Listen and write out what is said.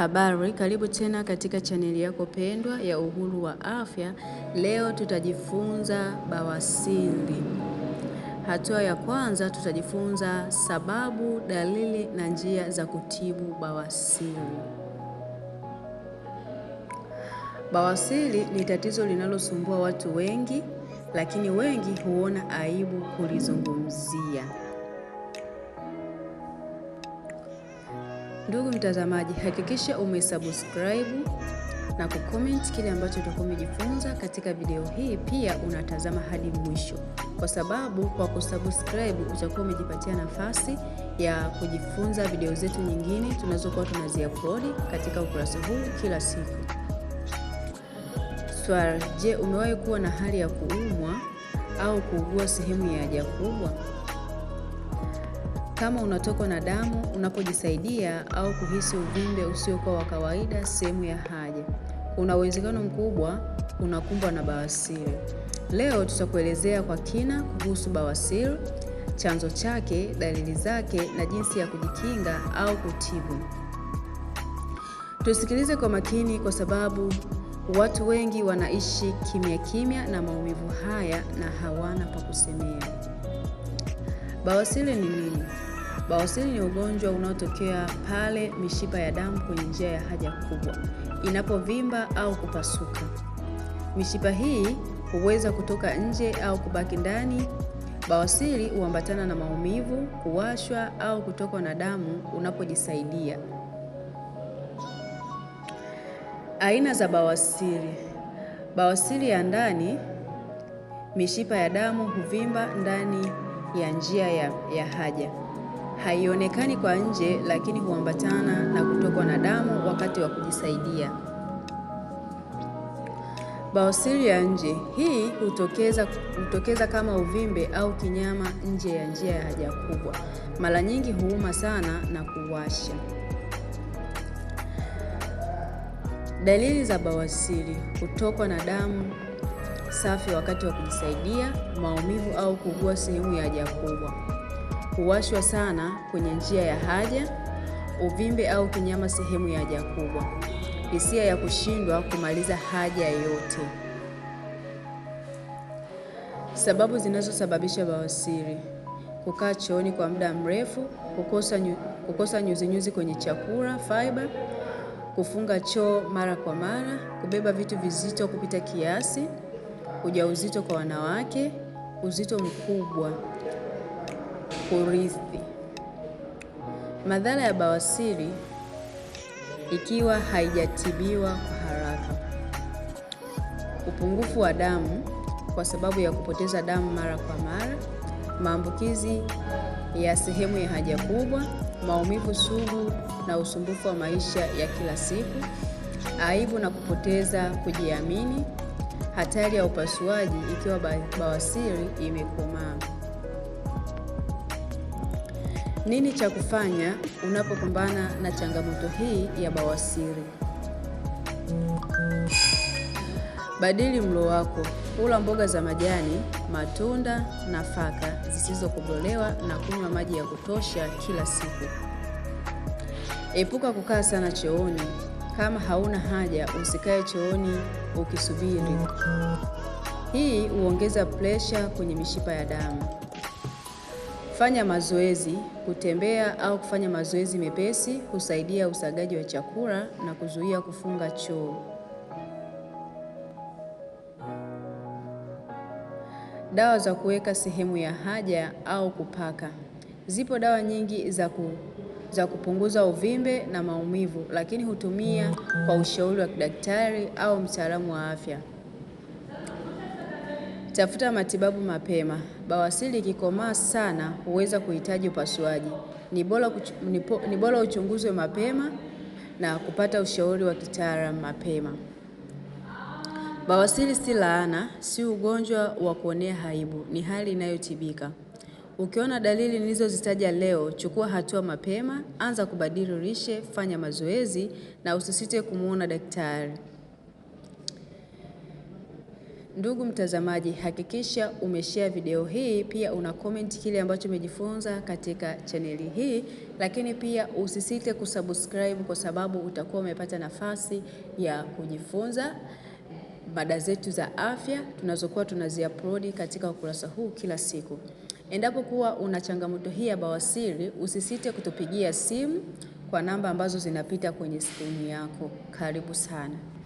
Habari, karibu tena katika chaneli yako pendwa ya Uhuru wa Afya. Leo tutajifunza bawasiri. Hatua ya kwanza tutajifunza sababu, dalili na njia za kutibu bawasiri. Bawasiri ni tatizo linalosumbua watu wengi, lakini wengi huona aibu kulizungumzia. Ndugu mtazamaji, hakikisha umesubscribe na kucomment kile ambacho utakuwa umejifunza katika video hii. Pia unatazama hadi mwisho, kwa sababu kwa kusubscribe utakuwa umejipatia nafasi ya kujifunza video zetu nyingine tunazokuwa tunaziupload katika ukurasa huu kila siku. Swali: Je, umewahi kuwa na hali ya kuumwa au kuugua sehemu ya haja kubwa? Kama unatokwa na damu unapojisaidia au kuhisi uvimbe usiokuwa wa kawaida sehemu ya haja, kuna uwezekano mkubwa unakumbwa na bawasiri. Leo tutakuelezea kwa kina kuhusu bawasiri, chanzo chake, dalili zake na jinsi ya kujikinga au kutibu. Tusikilize kwa makini kwa sababu watu wengi wanaishi kimya kimya na maumivu haya na hawana pa kusemea. Bawasiri ni nini? Bawasiri ni ugonjwa unaotokea pale mishipa ya damu kwenye njia ya haja kubwa inapovimba au kupasuka. Mishipa hii huweza kutoka nje au kubaki ndani. Bawasiri huambatana na maumivu, kuwashwa au kutokwa na damu unapojisaidia. Aina za bawasiri: bawasiri ya ndani, mishipa ya damu huvimba ndani ya njia ya, ya haja haionekani kwa nje, lakini huambatana na kutokwa na damu wakati wa kujisaidia. Bawasiri ya nje hii hutokeza, hutokeza kama uvimbe au kinyama nje ya njia ya haja kubwa. Mara nyingi huuma sana na kuwasha. Dalili za bawasiri: kutokwa na damu safi wakati wa kujisaidia, maumivu au kuugua sehemu ya haja kubwa huwashwa sana kwenye njia ya haja, uvimbe au kinyama sehemu ya haja kubwa, hisia ya kushindwa kumaliza haja yote. Sababu zinazosababisha bawasiri: kukaa chooni kwa muda mrefu, kukosa nyuzinyuzi nyuzi nyuzi kwenye chakula fiber, kufunga choo mara kwa mara, kubeba vitu vizito kupita kiasi, ujauzito kwa wanawake, uzito mkubwa kurithi. Madhara ya bawasiri ikiwa haijatibiwa kwa haraka: upungufu wa damu kwa sababu ya kupoteza damu mara kwa mara, maambukizi ya sehemu ya haja kubwa, maumivu sugu na usumbufu wa maisha ya kila siku, aibu na kupoteza kujiamini, hatari ya upasuaji ikiwa bawasiri imekomaa. Nini cha kufanya unapokumbana na changamoto hii ya bawasiri? Badili mlo wako, kula mboga za majani, matunda, nafaka zisizokobolewa na kunywa maji ya kutosha kila siku. Epuka kukaa sana chooni. Kama hauna haja, usikae chooni ukisubiri. Hii huongeza presha kwenye mishipa ya damu. Kufanya mazoezi, kutembea au kufanya mazoezi mepesi husaidia usagaji wa chakula na kuzuia kufunga choo. Dawa za kuweka sehemu ya haja au kupaka. Zipo dawa nyingi za ku za kupunguza uvimbe na maumivu, lakini hutumia kwa ushauri wa daktari au mtaalamu wa afya. Tafuta matibabu mapema. Bawasiri ikikomaa sana huweza kuhitaji upasuaji. Ni bora uchunguzwe mapema na kupata ushauri wa kitaalamu mapema. Bawasiri si laana, si ugonjwa wa kuonea aibu, ni hali inayotibika. Ukiona dalili nilizozitaja leo, chukua hatua mapema, anza kubadili lishe, fanya mazoezi na usisite kumuona daktari. Ndugu mtazamaji, hakikisha umeshare video hii, pia una comment kile ambacho umejifunza katika chaneli hii, lakini pia usisite kusubscribe kwa sababu utakuwa umepata nafasi ya kujifunza mada zetu za afya tunazokuwa tunaziupload katika ukurasa huu kila siku. Endapo kuwa una changamoto hii ya bawasiri, usisite kutupigia simu kwa namba ambazo zinapita kwenye skrini yako. Karibu sana.